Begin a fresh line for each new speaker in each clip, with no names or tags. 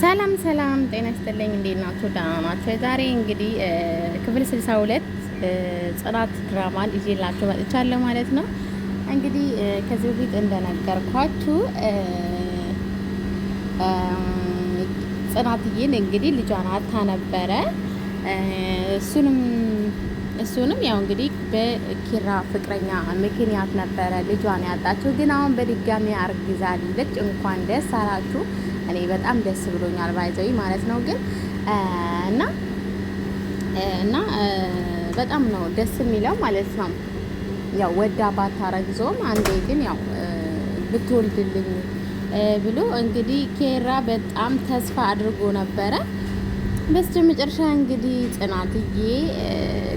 ሰላም ሰላም፣ ጤና ይስጥልኝ። እንዴት ናችሁ? ደህና ናችሁ? ዛሬ እንግዲህ ክፍል 62 ጽናት ድራማን ይዤላችሁ መጥቻለሁ ማለት ነው። እንግዲህ ከዚህ በፊት እንደነገርኳችሁ ጽናትዬን እንግዲህ ልጇን አታ ነበረ። እሱንም እሱንም ያው እንግዲህ በኪራ ፍቅረኛ ምክንያት ነበረ ልጇን ያጣችሁ። ግን አሁን በድጋሚ አርግዛለች። እንኳን ደስ አላችሁ እኔ በጣም ደስ ብሎኛል ባይዘዊ ማለት ነው ግን እና እና በጣም ነው ደስ የሚለው ማለት ነው። ያው ወዳ ባታረግዞም አንዴ ግን ያው ብትወልድልኝ ብሎ እንግዲህ ኬራ በጣም ተስፋ አድርጎ ነበረ። በስተ መጨረሻ እንግዲህ ጽናትዬ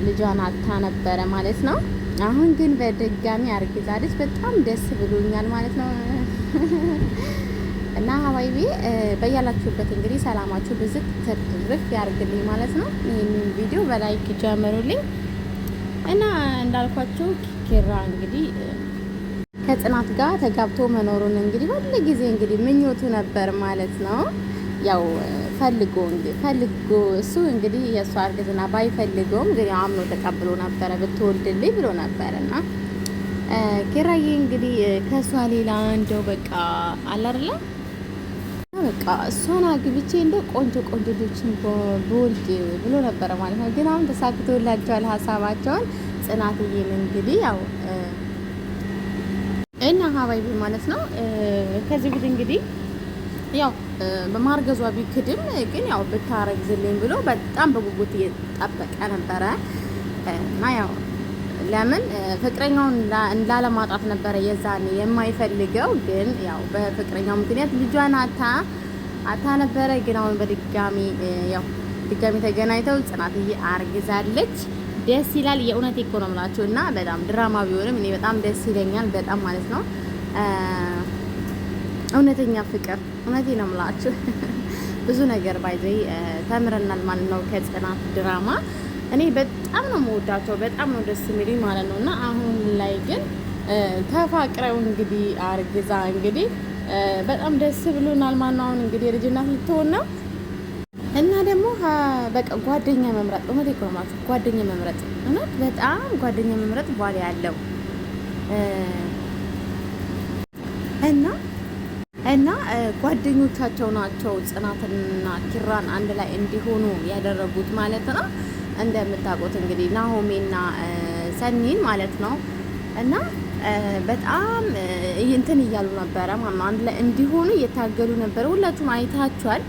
ልጇን አታ ነበረ ማለት ነው። አሁን ግን በድጋሚ አርግዛለች። በጣም ደስ ብሎኛል ማለት ነው። እና ሀባይቤ በያላችሁበት እንግዲህ ሰላማችሁ ብዝት ትርፍ ያርግልኝ ማለት ነው። ይህንን ቪዲዮ በላይክ ጀምሩልኝ እና እንዳልኳችሁ ኪራ እንግዲህ ከጽናት ጋር ተጋብቶ መኖሩን እንግዲህ ሁል ጊዜ እንግዲህ ምኞቱ ነበር ማለት ነው። ያው ፈልጎ ፈልጎ እሱ እንግዲህ የእሷ እርግዝና ባይፈልገውም ግን አምኖ ተቀብሎ ነበረ ብትወልድልኝ ብሎ ነበር እና ኪራዬ እንግዲህ ከእሷ ሌላ እንደው በቃ አላርላ በቃ እሷን አግብቼ እንደ ቆንጆ ቆንጆ ልጆችን በወልድ ብሎ ነበረ ማለት ነው። ግን አሁን ተሳክቶላቸዋል ሀሳባቸውን። ጽናትዬም እንግዲህ ያው እና ሀባይ ማለት ነው ከዚህ ቡድ እንግዲህ ያው በማርገዟ ቢክድም ግን ያው ብታረግዝልኝ ብሎ በጣም በጉጉት እየጠበቀ ነበረ እና ያው ለምን ፍቅረኛውን ላለማጣት ነበረ የዛን የማይፈልገው ግን ያው በፍቅረኛው ምክንያት ልጇን አታ አታ ነበረ። ግን አሁን በድጋሚ ያው ድጋሚ ተገናኝተው ጽናትዬ አርግዛለች። ደስ ይላል። የእውነት እኮ ነው እና በጣም ድራማ ቢሆንም እኔ በጣም ደስ ይለኛል። በጣም ማለት ነው እውነተኛ ፍቅር። እውነቴ ነው የምላችሁ ብዙ ነገር ባይዘይ ተምረናል ማለት ነው ከጽናት ድራማ እኔ በጣም ነው መወዳቸው፣ በጣም ነው ደስ የሚሉኝ ማለት ነው። እና አሁን ላይ ግን ተፋቅረው እንግዲህ አርግዛ እንግዲህ በጣም ደስ ብሎናል። ማነው አሁን እንግዲህ የልጅናት ልትሆን ነው እና ደግሞ በቃ ጓደኛ መምረጥ እውነት ይኮርማችሁ ጓደኛ መምረጥ እውነት በጣም ጓደኛ መምረጥ ባል ያለው እና እና ጓደኞቻቸው ናቸው ጽናትንና ኪራን አንድ ላይ እንዲሆኑ ያደረጉት ማለት ነው። እንደምታውቁት እንግዲህ ናሆሜና ሰኒን ማለት ነው እና በጣም እንትን እያሉ ነበረ ማማ አንድ ላይ እንዲሆኑ እየታገሉ ነበረ። ሁለቱም አይታችኋል።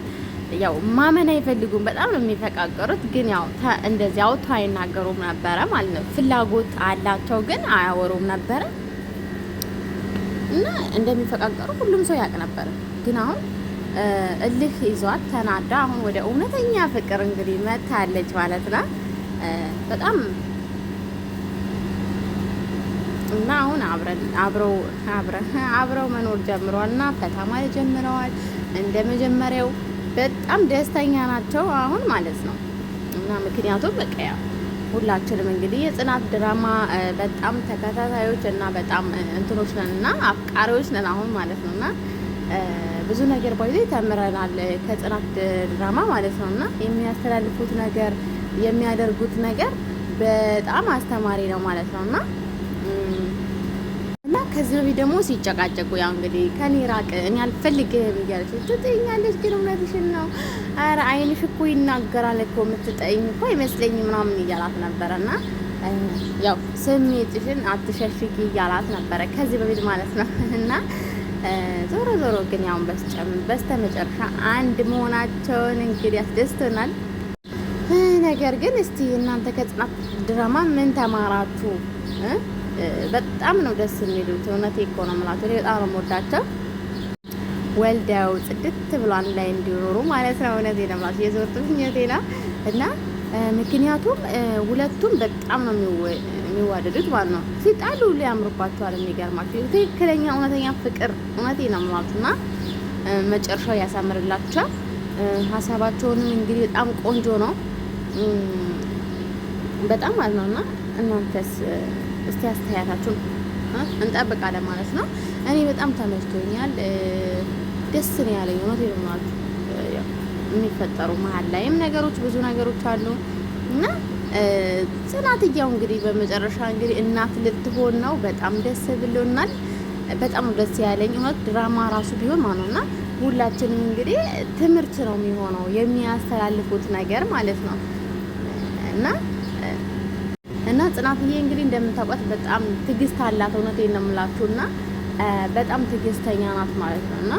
ያው ማመን አይፈልጉም። በጣም ነው የሚፈቃቀሩት፣ ግን ያው እንደዚህ አውጥቶ አይናገሩም ነበረ ማለት ነው። ፍላጎት አላቸው፣ ግን አያወሩም ነበረ እና እንደሚፈቃቀሩ ሁሉም ሰው ያውቅ ነበረ ግን አሁን እልህ ይዟት ተናዳ አሁን ወደ እውነተኛ ፍቅር እንግዲህ መታለች ማለት ነው። በጣም እና አሁን አብረው አብረው መኖር ጀምረዋል እና ፈታ ጀምረዋል። እንደ መጀመሪያው በጣም ደስተኛ ናቸው አሁን ማለት ነው። እና ምክንያቱም በቃ ያው ሁላችንም እንግዲህ የጽናት ድራማ በጣም ተከታታዮች እና በጣም እንትኖች ነን እና አፍቃሪዎች ነን አሁን ማለት ነው እና ብዙ ነገር ባይዞ ተምረናል ከጽናት ድራማ ማለት ነው። እና የሚያስተላልፉት ነገር የሚያደርጉት ነገር በጣም አስተማሪ ነው ማለት ነው እና እና ከዚህ በፊት ደግሞ ሲጨቃጨቁ ያው እንግዲህ ከኔ ራቅ እኔ አልፈልግህም እያለች ትጠኛለች። ግን እውነትሽን ነው፣ ኧረ አይንሽ እኮ ይናገራል እኮ የምትጠኝ እኮ አይመስለኝም ምናምን እያላት ነበረ እና ያው ስሜትሽን አትሸሽጊ እያላት ነበረ ከዚህ በፊት ማለት ነው እና ዞሮ ዞሮ ግን ያሁን በስተ መጨረሻ አንድ መሆናቸውን እንግዲህ ያስደስቶናል። ነገር ግን እስቲ እናንተ ከጽናት ድራማ ምን ተማራችሁ? በጣም ነው ደስ የሚሉት። እውነት እኮ ነው የምላቸው። በጣም ነው የምወዳቸው። ወልደው ጽድት ብሎ አንድ ላይ እንዲኖሩ ማለት ነው። እውነት ነው የምላቸው። የዞርቱ ምኞቴ ነው እና ምክንያቱም ሁለቱም በጣም ነው የሚወ የሚዋደዱት ማለት ነው። ሲጣሉ ሊያምሩባቸዋል። የሚገርማቸው ትክክለኛ እውነተኛ ፍቅር እውነቴ ነው ማለት እና መጨረሻው ያሳምርላቸዋል። ሀሳባቸውንም እንግዲህ በጣም ቆንጆ ነው በጣም ማለት ነው እና እናንተስ እስቲ አስተያየታችሁን እንጠብቃለን ማለት ነው። እኔ በጣም ተመችቶኛል፣ ደስ ነው ያለኝ እውነቴ ነው እውነት የሚፈጠሩ መሀል ላይም ነገሮች ብዙ ነገሮች አሉ እና ጽናትያው እንግዲህ በመጨረሻ እንግዲህ እናት ልትሆን ነው። በጣም ደስ ብሎናል። በጣም ደስ ያለኝ እውነት ድራማ ራሱ ቢሆን ማለት ነው። ሁላችንም እንግዲህ ትምህርት ነው የሚሆነው የሚያስተላልፉት ነገር ማለት ነው እና እና ጽናትዬ እንግዲህ እንደምታውቋት በጣም ትዕግስት አላት። እውነት ነው የምላችሁ እና በጣም ትዕግስተኛ ናት ማለት ነው እና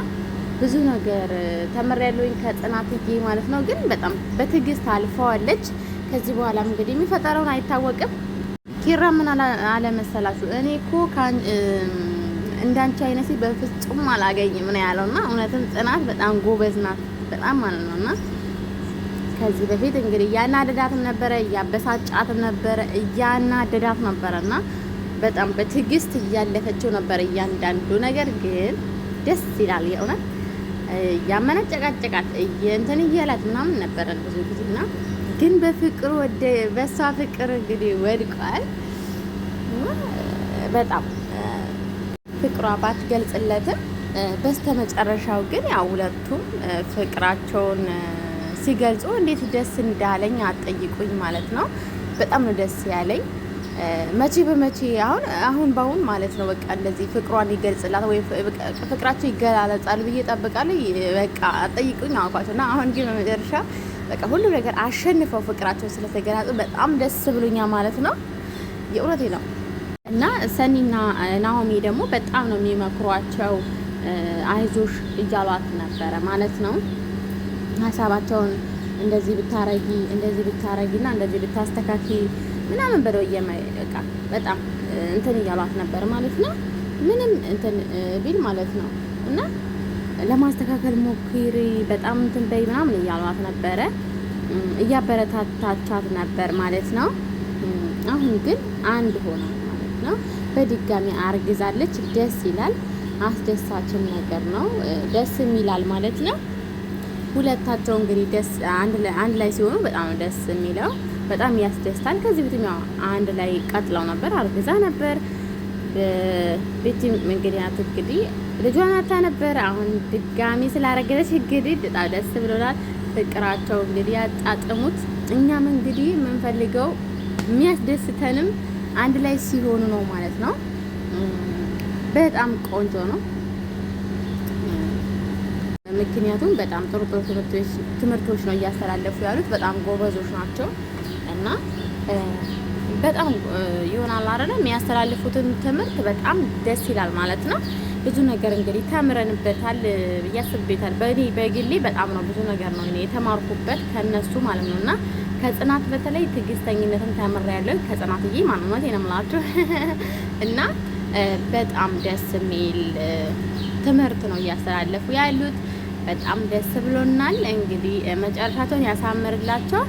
ብዙ ነገር ተመሪያለሁኝ ከጽናትዬ ማለት ነው። ግን በጣም በትዕግስት አልፈዋለች። ከዚህ በኋላም እንግዲህ የሚፈጠረውን አይታወቅም። ኪራ ምን አለ መሰላችሁ፣ እኔ እኮ እንዳንቺ አይነት በፍጹም አላገኝም ነው ያለው። እና እውነትም ጽናት በጣም ጎበዝ ናት፣ በጣም ማለት ነው። እና ከዚህ በፊት እንግዲህ እያናደዳትም ነበረ፣ እያበሳጫትም ነበረ፣ እያናደዳት ነበረ እና በጣም በትዕግስት እያለፈችው ነበር እያንዳንዱ ነገር። ግን ደስ ይላል የእውነት እያመነጨቃጨቃት እንትን እያላት ምናምን ነበረ ብዙ ጊዜ እና ግን በፍቅር ወደ በእሷ ፍቅር እንግዲህ ወድቋል። በጣም ፍቅሯ ባትገልጽለትም በስተመጨረሻው ግን ያው ሁለቱም ፍቅራቸውን ሲገልጹ እንዴት ደስ እንዳለኝ አጠይቁኝ ማለት ነው። በጣም ነው ደስ ያለኝ። መቼ በመቼ አሁን አሁን በአሁን ማለት ነው በቃ እንደዚህ ፍቅሯን ይገልጽላት ወይ ፍቅራቸው ይገላለጻል ብዬ ጠብቃለሁ። በቃ አጠይቁኝ አውቋቸው እና አሁን ግን በመጨረሻ በቃ ሁሉም ነገር አሸንፈው ፍቅራቸውን ስለተገናጹ በጣም ደስ ብሎኛ ማለት ነው። የእውነቴ ነው። እና ሰኒና ናሆሜ ደግሞ በጣም ነው የሚመክሯቸው፣ አይዞሽ እያሏት ነበረ ማለት ነው። ሀሳባቸውን እንደዚህ ብታረጊ፣ እንደዚህ ብታረጊ እና እንደዚህ ብታስተካኪ ምናምን በለው እየመቃ በጣም እንትን እያሏት ነበር ማለት ነው። ምንም እንትን ቢል ማለት ነው እና ለማስተካከል ሞክሪ፣ በጣም እንትን በይ ምናምን እያሏት ነበረ፣ እያበረታታቻት ነበር ማለት ነው። አሁን ግን አንድ ሆነ ማለት ነው። በድጋሚ አርግዛለች። ደስ ይላል። አስደሳችን ነገር ነው። ደስ ይላል ማለት ነው። ሁለታቸው እንግዲህ ደስ አንድ ላይ ሲሆኑ በጣም ደስ የሚለው በጣም ያስደስታል። ከዚህ በፊትም ያው አንድ ላይ ቀጥለው ነበር፣ አርግዛ ነበር። ቤትም እንግዲህ ናት እንግዲህ ልጇን አታ ነበር። አሁን ድጋሚ ስላረገዘች እንግዲህ በጣም ደስ ብሎናል። ፍቅራቸው እንግዲህ ያጣጥሙት። እኛም እንግዲህ የምንፈልገው የሚያስደስተንም አንድ ላይ ሲሆኑ ነው ማለት ነው። በጣም ቆንጆ ነው። ምክንያቱም በጣም ጥሩ ጥሩ ትምህርቶች ነው እያስተላለፉ ያሉት። በጣም ጎበዞች ናቸው እና በጣም ይሆናል አይደለ? የሚያስተላልፉትን ትምህርት በጣም ደስ ይላል ማለት ነው። ብዙ ነገር እንግዲህ ተምረንበታል እያስብቤታል በእኔ በግሌ በጣም ነው ብዙ ነገር ነው እኔ የተማርኩበት ከነሱ ማለት ነው እና ከጽናት በተለይ ትዕግስተኝነትን ተምሬያለሁ ከጽናትዬ ማለት ነው የምላችሁ እና በጣም ደስ የሚል ትምህርት ነው እያስተላለፉ ያሉት። በጣም ደስ ብሎናል። እንግዲህ መጨረሻቸውን ያሳምርላቸው።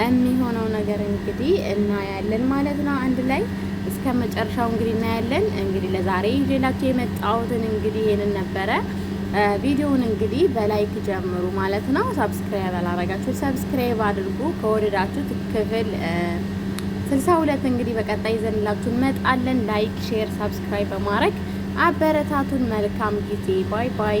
የሚሆነው ነገር እንግዲህ እናያለን ማለት ነው። አንድ ላይ እስከ መጨረሻው እንግዲህ እናያለን። እንግዲህ ለዛሬ ይዤላችሁ የመጣሁትን እንግዲህ ይሄንን ነበረ። ቪዲዮውን እንግዲህ በላይክ ጀምሩ ማለት ነው። ሰብስክራይብ አላረጋችሁ ሰብስክራይብ አድርጉ ከወደዳችሁት ክፍል ስልሳ ሁለት እንግዲህ በቀጣይ ይዘንላችሁ እንመጣለን። ላይክ፣ ሼር፣ ሰብስክራይብ በማድረግ አበረታቱን። መልካም ጊዜ። ባይ ባይ